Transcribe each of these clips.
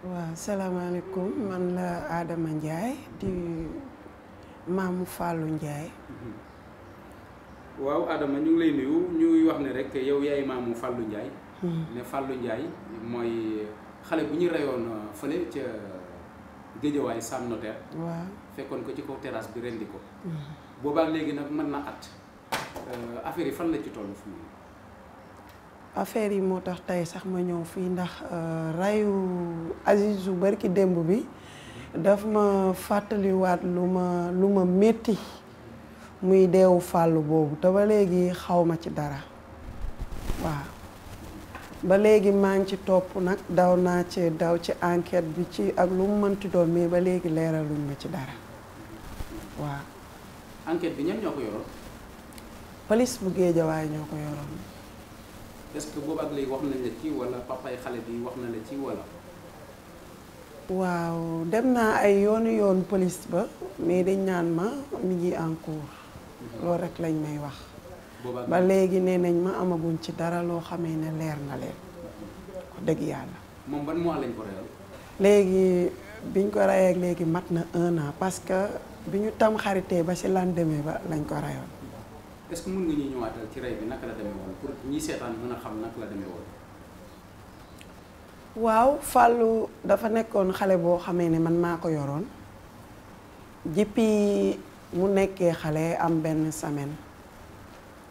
waaw salaamaaleykum man la aadama Ndiaye di maamu Fallou Ndiaye. Mm-hmm. waaw Adama ñu ngi lay nuyu ñuy wax ne rek yow yaay maamu Fallou Ndiaye. Mm-hmm. ne Fallou Ndiaye mooy xale bu ñu reyoon euh, fële ca Géejawaay Sam Notaire. waaw fekkoon ko ci kaw terrasse bi rendi ko. Mm-hmm. boobaa léegi nag mën na at euh, affaire yi fan la ci tollu fii. affaire yi moo tax tey sax ma ñëw fii ndax euh, rayu. Azizu barki démb bi daf ma fàttaliwaat lu ma lu ma metti muy deewu fàll boobu te ba léegi xaw ma ci dara waaw ba léegi maa ngi ci topp nag daw naa ci daw ci enquête bi ci ak lu mu mënti doon mais ba léegi leeraluñ ma ci dara waa enquête bi ñan ñoo ko yoroon. police bu Géejawaay ñoo ko yoroon. est-ce que boobu wax nañ la ci wala papa xale bi wax na la ci wala. waaw dem naa ay yoonu yoon police ba mais dañ naan ma mi ngi en cours loolu lañ may wax ba léegi nee nañ ma amaguñ ci dara loo xamee ne leer na leen wax dëgg yàlla. moom ban léegi biñ ko reyee léegi mat na un an parce que bi ñu tam xaritee ba ci lendemain ba lañ ko reyoon. a Wow, fallu dafa nekkoon xale boo xamee ne man maa ko yoroon depuis mu nekkee xale am benn semaine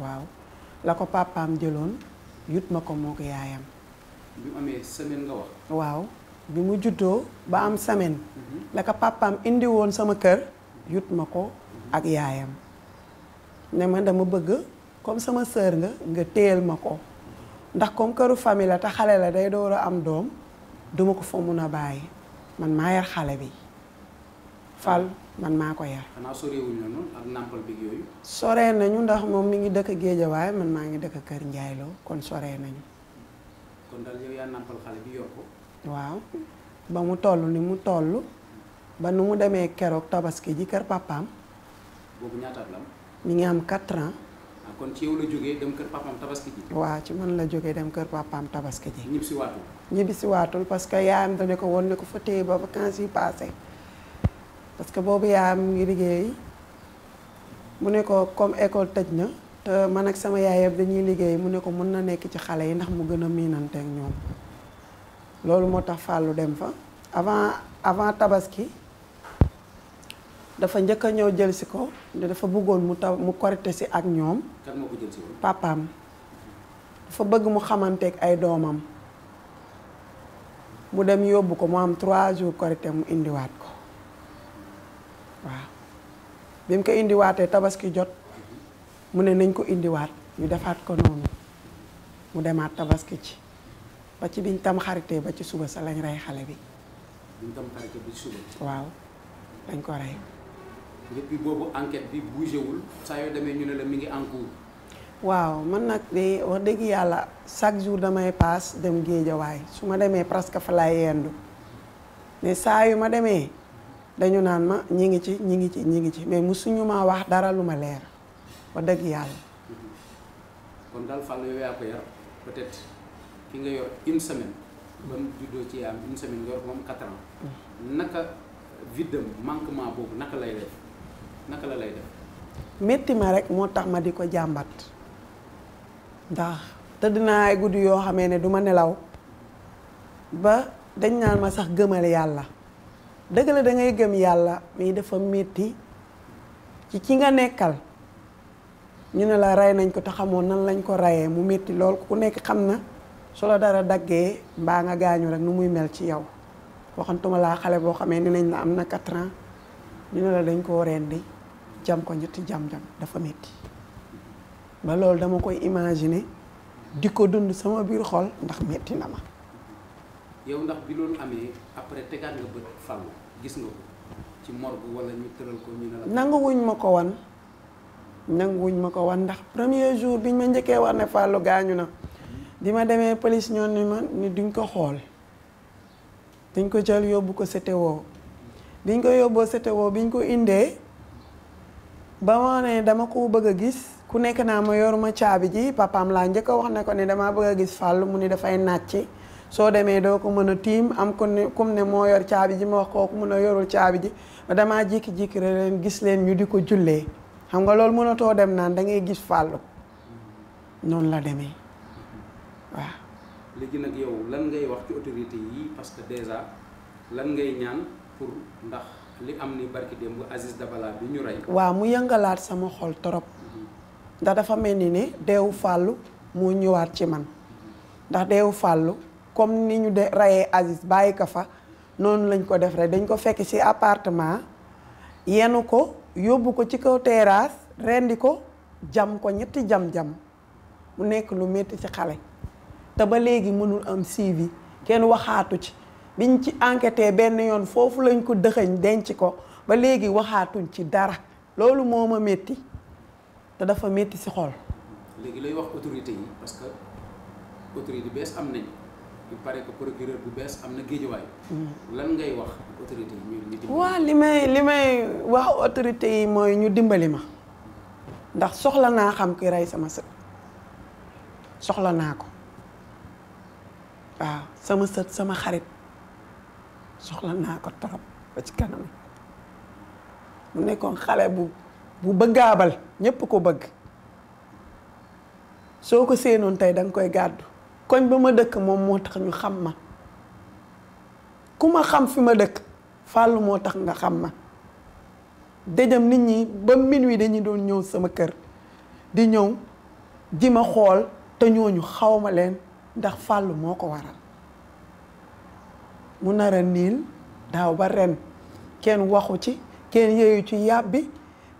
waaw la ko papaam jëloon yut ma ko moo yaayam. bi mu amee semaine nga wax. waaw bi mu juddoo ba am semaine. Mhm. la ko papaam indi woon sama kër yut ma ko mhm. ak yaayam ne ma dama bëgg comme sama sœur nga nga téyel ma ko. ndax comme këru famille la te xale la day door a am doom duma ko fa mun a bàyyi man maa yar xale bi fal man maa ko yar. xanaa la noonu ak nàmpal bi yooyu. sore nañu ndax moom mi ngi dëkk Géejawaay man maa ngi dëkk Kër Njaayloo kon sore nañu. kon waaw ba mu toll ni mu toll ba nu mu demee keroog tabaski ji kër papaam. boobu ñaata am. mi ngi am 4 Ah, kon ci mën la jóge dem kër papaam tabaski ji. waaw tabaski ji. ñibbi waatul. parce que yaayam dañu ko woon ne ko fa téye ba vacances yi passé parce que boobu yaayam mu ngi liggéey mu ne ko comme école tëj na te man ak sama yaay yëpp dañuy liggéey mu ne ko mën na nekk ci xale yi ndax mu gën a miinante ak ñoom loolu moo tax fàllu dem fa avant avant tabaski dafa njëkk a ñëw jël si ko dafa bëggoon mu taw mu korite si ak ñoom. kan moo dafa bëgg mu xamanteek ay doomam mu dem yóbbu ko mu am trois jours korite mu indiwaat ko waaw bi mu ko indiwaatee tabaski jot mu ne nañ ko indiwaat ñu defaat ko noonu mu demaat tabaski ci ba ci biñ tam xaritee ba ci suba sa lañ rey xale bi. waaw dañ ko rey. depuis boobu enquête bi bougé wul saa yoo demee ñu ne la mi ngi en waaw man nag de wax dëgg yàlla chaque jour damay paas dem géejawaay su ma demee presque fa laay yendu mais saa yu ma demee dañu naan ma ñi ngi ci ñi ngi ci ñi ngi ci mais musuñu ma wax dara lu ma leer wax dëgg yàlla. Mhm. kon dal Fall yow yaa ko yar peut ki nga yor une semaine. ba mu juddoo ci yaam une semaine nga yor moom quatre ans. Mhm. naka vidam manquement boobu naka lay def. naka la lay def metti ma rek motax ma diko jambat ndax te dina ay gudd yo ne nelaw ba dañ nan ma sax gëmal yalla deug la da ngay gëm yalla mi dafa metti ci ki nga nekkal ñu ne la ray nañ ko te xamoon nan lañ ko rayé mu metti lool ku nekk xamna na la dara daggé ba nga gañu rek nu muy mel ci yow waxantuma la xalé bo xamé ni nañ na am na ans ñu ne la dañ ko rendi jam ko ñetti jam jam dafa metti ba loolu dama koy imaginer diko dund sama bir xol ndax metti na ma yow ndax bi loolu amé après tégal nga bëtt fallu gis nga ko ci morgue wala ñu teural ko ñu ne la nanguwuñ ma ko wan nanguwuñ ma ko wan ndax premier jour biñ ma njëkkee war na fallu gañu na dima démé police ñoon ni ma ni duñ ko xol dañ ko jël yobbu ko sété wo biñ ko yobbo sété wo biñ ko indé ba ma ne dama ko bëgg a gis ku nekk naa ma yoruma caabi ji papaam laa njëkk a wax ne ko ne damaa bëgg a gis fàllu mu ni dafay nàcc soo demee doo ko mën a tiim am ku ne kum ne moo yor caabi ji ma wax kooku mun a yorul caabi ji damaa jékki-jékki rek leen gis leen ñu di ko jullee xam nga loolu mënatoo dem naan da ngay gis fàllu noonu la demee waaw. léegi nag yow lan ngay wax ci autorité yi parce que lan ngay ñaan pour ndax. li am ni barki démb Aziz Dabala bi ñu rey. waaw mu yëngalaat sama xol torop ndax dafa mel ni ne deewu fàllu moo ñëwaat ci man ndax deewu fàllu comme ni ñu de reyee Aziz bàyyi ko fa noonu lañ ko def rek dañ ko fekk ci appartement yenu ko yóbbu ko ci kaw terrasse rendi ko jam ko ñetti jam-jam mu nekk lu metti ci xale te ba léegi mënul am suivi kenn waxaatu ci biñ ci enquêté benn yoon foofu lañ ko dëxëñ denc ko ba léegi waxaatuñ ci dara loolu moo ma métti te dafa métti si xol. lay wax autorité parce que am nañ mm. ngay wax autorité yi li may li may wax autorité yi mooy ñu dimbali ma ndax soxla naa xam ki rey sama sët soxla naa ko waaw sama sët sama xarit soxla naa ko trop ba ci kanam mu nekkoon xale bu bu bëggaabal ñépp ko bëgg soo ko séenoon tey danga koy gàddu koñ ba ma dëkk moom moo tax ñu xam ma ku ma xam fi ma dëkk fàllu moo tax nga xam ma dëjëm nit ñi ba minuit dañu doon ñëw sama kër di ñëw ji ma xool te ñooñu xaw ma leen ndax fàllu moo ko waral mu nar a niil daaw ba ren kenn waxu ci kenn yeeyu ci yàbbi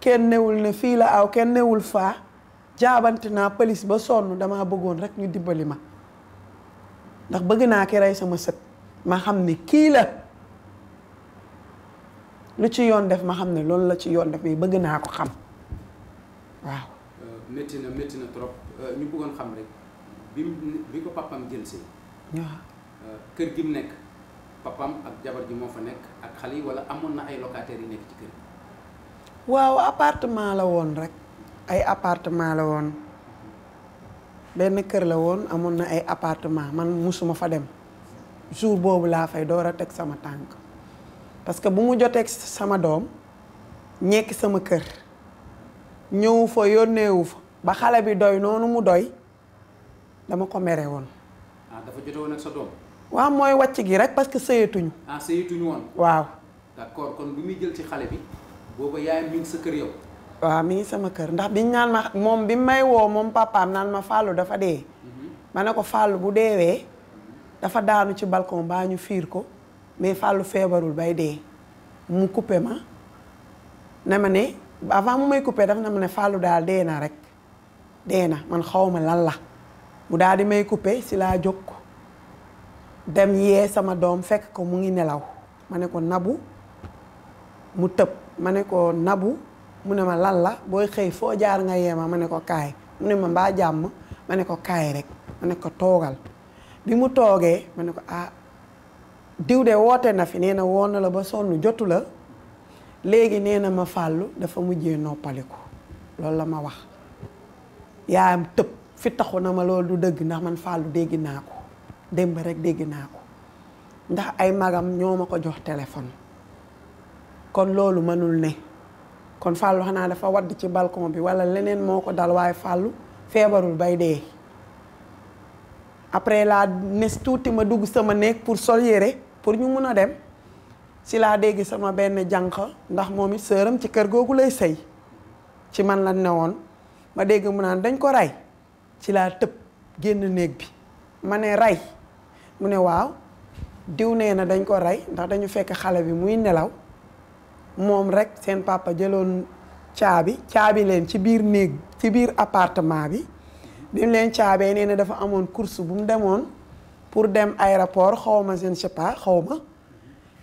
kenn newul ne fii la aw kenn newul faa jaabante naa pëlis ba sonn dama bëggoon rek ñu dimbali ma ndax bëgg naa ki rey sama sët ma xam ne kii la lu ci yoon def ma xam ne loolu la ci yoon def mais bëgg naa ko xam euh, euh, bëggoon xam rek waaw euh, kër gi mu nekk. papam ak jabar ji moo fa nekk ak xale yi wala amoon na ay locataires yi nekk ci kër waaw appartement la woon rek ay appartement la woon benn kër la woon amoon na ay appartement man musuma fa dem jour boobu laa fay door a teg sama tànk parce que bu mu jotee sama doom ñekki sama kër ñëwu fa yónneewu fa ba xale bi doy noonu mu doy dama ko mere woon. ah dafa jote woon ak sa doom. waaw mooy wàcc gi rek parce que sëyetuñu. ah woon. waaw. d'accord kon xale bi booba mi ngi sama kër ndax biñ naan ma moom bi may woo moom papaam naan ma Fallou dafa dee. Mhm. ma ne ko Fallou bu deewee dafa daanu ci balcon baa ñu fiir ko mais fàllu feebarul bay dee mu coupé ma ne ma ne avant mu may coupé daf na ma ne Fallou daal dee na rek dee na man xaw ma lan la mu daal di may coupé si laa jóg. dem yee sama doom fekk ko mu ngi nelaw ma ne ko nabu mu tëb ma ne ko nabu mu ne ma lan la booy xëy foo jaar nga yee ma ma ne ko kaay ne ma mbaa jàmm ma ne ko kaay rek ma ko toogal bi mu toogee ma ne ko ah diw de woote na fi nee na woon na la ba sonn jotu la léegi nee na ma fàllu dafa mujje noppaliku loolu la ma wax yaayam tëb fi taxu na ma loolu du dëgg ndax man fàllu dégg naa ko démb rek dégg naa ko ndax ay magam ñoo ma ko jox téléphone kon loolu mënul ne kon Fallou xanaa dafa wadd ci balcon bi walla leneen moo ko dal waaye fàllu feebarul bay dee après laa nes tuuti ma dugg sama néeg pour sol yére pour ñu mun a dem ci laa dégg sama benn jànq ndax moom it sëram ci kër googu lay sëy ci man lañ ne woon ma dégg mu naan dañ ko rey ci laa tëb génn néeg bi ma ne rey mu ne waaw diw nee na dañ ko rey ndax dañu fekk xale bi muy nelaw moom rek seen papa jëloon caabi caabi leen ci biir néeg ci biir appartement bi bi mu leen caabee nee na dafa amoon course bu mu demoon pour dem aéroport xaw ma seen je sais xaw ma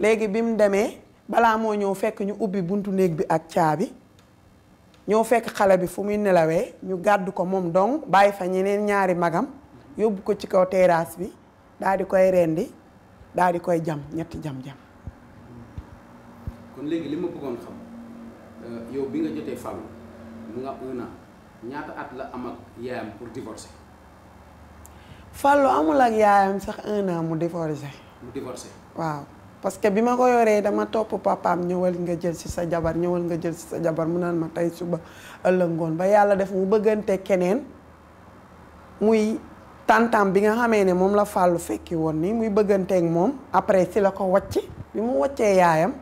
léegi bi mu demee balaa moo ñëw fekk ñu ubbi buntu néeg bi ak caabi ñëw fekk xale bi fu muy nelawee ñu gàdd ko moom dong bàyyi fa ñeneen ñaari magam yóbbu ko ci kaw teraas bi daal di koy rendi daal di koy jam ñet jam-jam. kon legui li ma bëggoon xam euh, yow bi nga jotté Fallou mu nga un an ñaata at la am ak yaayam pour divorcer. fallo amul ak yaayam sax un an mu divorcer. mu divorcer waaw. parce que bima ko yoré dama topp papaam ñewal nga jël ci sa jabar ñewal nga jël ci sa jabar mu naan ma tay suba ëlëngoon ba yalla def mu bëggante keneen muy. tantam bi nga xamee ne moom la fàllu fekki woon ni muy bëgganteeg moom après si la ko wàcc bi mu wàccee yaayam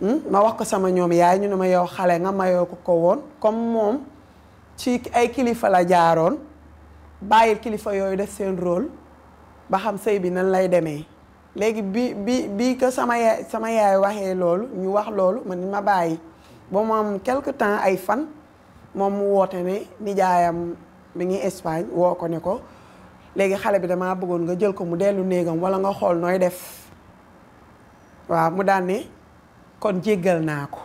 hmm, ma wax ko sama ñoom yaay ñu ne ma yow xale nga mayoo ko ko woon comme moom ci ay kilifa la jaaroon bàyyil kilifa yooyu def seen rôle ba xam sëy bi nañ lay demee léegi bi bi bi que sama yaay sama yaay waxee loolu ñu wax loolu man ma bàyyi ba mu am quelque temps ay fan moom mu woote ne nijaayam mi ngi Espagne woo ko ne ko léegi xale bi damaa bëggoon nga jël ko mu dellu néegam wala nga xool nooy def waaw mu daan ne kon jéggal naa ko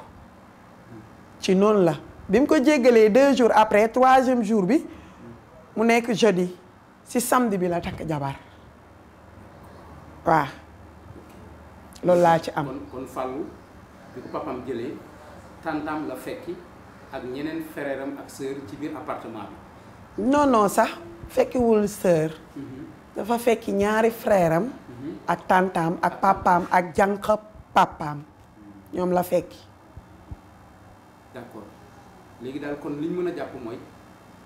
ci noon la bi mu ko jéggalee deux jours après troisième jour bi mu nekk jeudi si samedi bi la takk jabar waaw loolu laa ci am. kon kon bi ko papam jëlee tàntam la fekki ak ñeneen frère ak sœur ci biir appartement bi. non non sax fekkiwul sœur dafa fekki ñaari frère am ak tantaam ak papaam ak jànq papaam ñoom la fekki d'accord léegi daal kon li ñu mën a jàpp mooy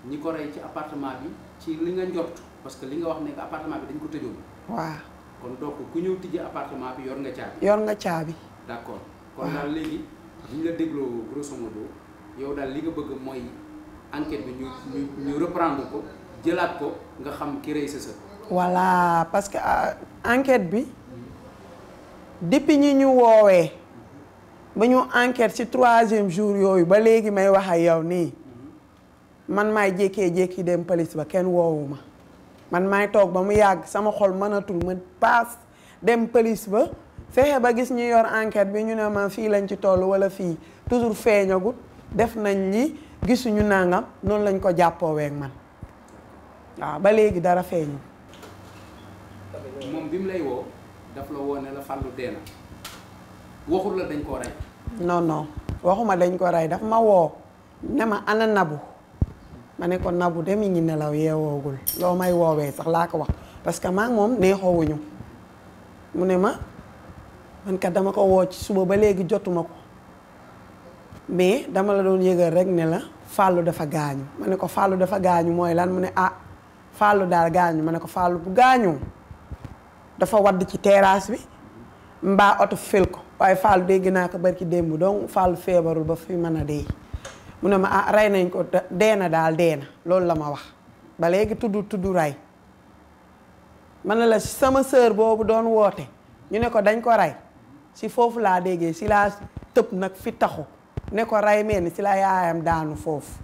ñi ko rey ci appartement bi ci li nga njort parce que li nga wax ne appartement bi dañ ko tëjoon waaw kon donc ku ñëw tijji appartement bi yor nga caabi yor nga caabi d'accord kon daal léegi li ñu la dégloo grosso modo yow daal li nga bëgg mooy enquête bi ñu ñu ko jëlaat ko nga xam ki rey sësër. voilà parce que euh, enquête bi depuis ñi ñu woowee ba ñu enquête ci troisième jour yooyu ba léegi may wax ak yow nii man maay jékkee-jékki dem police ba kenn woowu ma man maay toog ba mu yàgg sama xol mënatul ma paas dem police ba fexe ba gis ñu yor enquête bi ñu ne ma fii lañ ci toll walla fii toujours feeñagut def nañ li gisuñu nangam noonu lañ ko jàppoowee ak man waaw ba léegi dara feeñu moom bi mu lay woo daf la woo ne la fàllu na waxul la dañ ko rey non waxuma dañ ko rey daf ma woo ne ma ana nabu ma ne ko nabu de mi ngi nelaw yeewoogul loo may woowee sax laa ko wax parce que maa ngi moom neexoowuñu mu ne ma man kat dama ko woo ci suba ba léegi jotuma ko mais dama la doon yëgal rek ne la fàllu dafa gaañu ma ne ko fàllu dafa gaañu mooy lan mu ne ah fàllu daal gaañu ma ne ko fàllu bu gaañoo dafa wadd ci teraas bi mbaa oto fil ko waaye fàllu dégg naa ko barki démb donc fàllu feebarul ba fi mën a dee mu ne ma ah rey nañ ko deena daal dee na loolu la ma wax ba léegi tudd tudd rey ma ne la sama sœur boobu doon woote ñu ne ko dañ ko rey si foofu laa déggee si laa tëb nag fi taxu ne ko ray meen si la yaayam daanu foofu.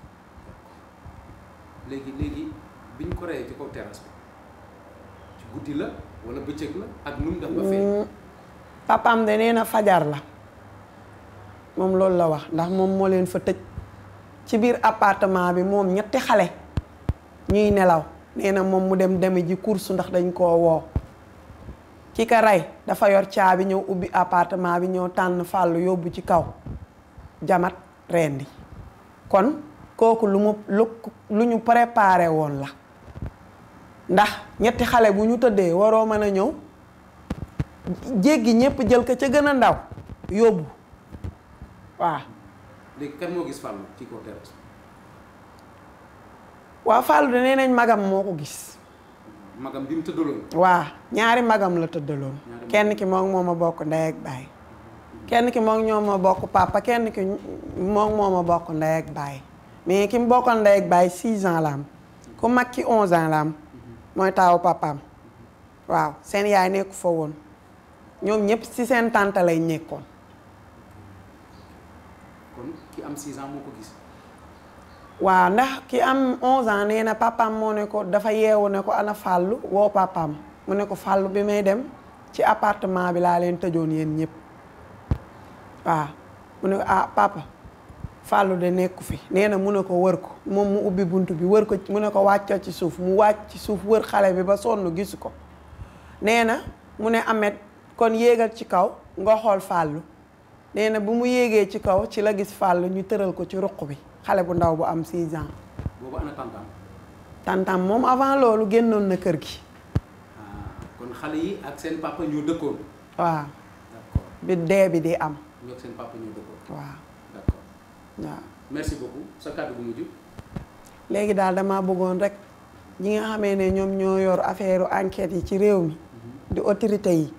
léegi léegi bi ñu ko rayee ci kaw terrasse bi ci guddi la wala bëccëg la ak nu mu fee. Mm, papaam de nee fajar la moom loolu la wax ndax moom moo leen fa tëj ci biir appartement bi moom ñetti xale ñuy nelaw nee na moom mu dem deme ji course ndax dañ koo woo. ki ka rey dafa yor caabi ñëw ubbi appartement bi ñëw tànn fàll yóbbu ci kaw. jamat rendi kon kooku lu mu lu lu ñu prepare woon la ndax ñetti xale bu ñu tëddee waroo mën a ñëw jéggi ñépp jël ko ca gën a ndaw yóbbu waaw. léegi kan nee nañ magam moo ko gis. waa ñaari magam la tëddaloon. kenn ki moom moo ma bokk ndey ak baay. kenn ki moo ñoom ma bokk papa kenn ki moom moo ma bokk ndey ak baay mais ki mu bokkal ndey ak baay 6 ans la am ku mag ki 11 ans la am mooy taawu papaam waaw seen yaay nekku fa ñoom ñëpp ci seen nekkoon. am 6 ans moo ko gis. waaw ndax ki am 11 ans nee na moo ne ko dafa yeewu ne ko ana fàllu woo papaam mu ne ko fàllu bi may dem ci appartement bi laa leen tëjoon yéen ñëpp. waaw ah, mu ne ah papa Fallou de nekku fi nee na mu ne ko wër ko moom mu ubbi bunt bi wër ko mu ne ko wàccal ci suuf mu wàcc ci suuf wër xale bi ba sonn gisu ko nee na mu ne Amet kon yéegal ci kaw nga xool Fallou nee na bu mu yéegee ci kaw ci la gis Fallou ñu tëral ko ci ruq bi xale bu ndaw bu am 6 ans. tantam. moom avant loolu génnoon na kër gi. Ah, kon xale yi ak seen papa ñu dëkkoon. waaw bi dee bi di am. ñoo léegi daal dama bëggoon rek ñi nga xamee ne ñoom ñoo yor affaire enquête yi ci réew mi. Mhm. di autorité yi. Mhm.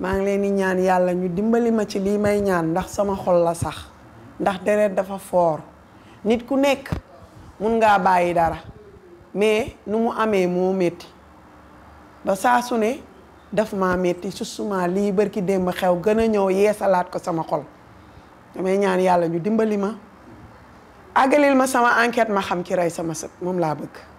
maa ngi leen di ñaan yàlla ñu dimbali ma ci lii may ñaan ndax sama xol la sax mhm. ndax deret dafa foor nit ku nekk mun ngaa bàyyi dara mais nu mu amee moo métti ba saa ne daf maa métti justement lii bërki démb xew gën a ñëw yeesalaat ko sama xol damay ñaan yàlla ñu dimbali ma àggalil ma sama enquête ma xam ci rey sama sët moom laa bëgg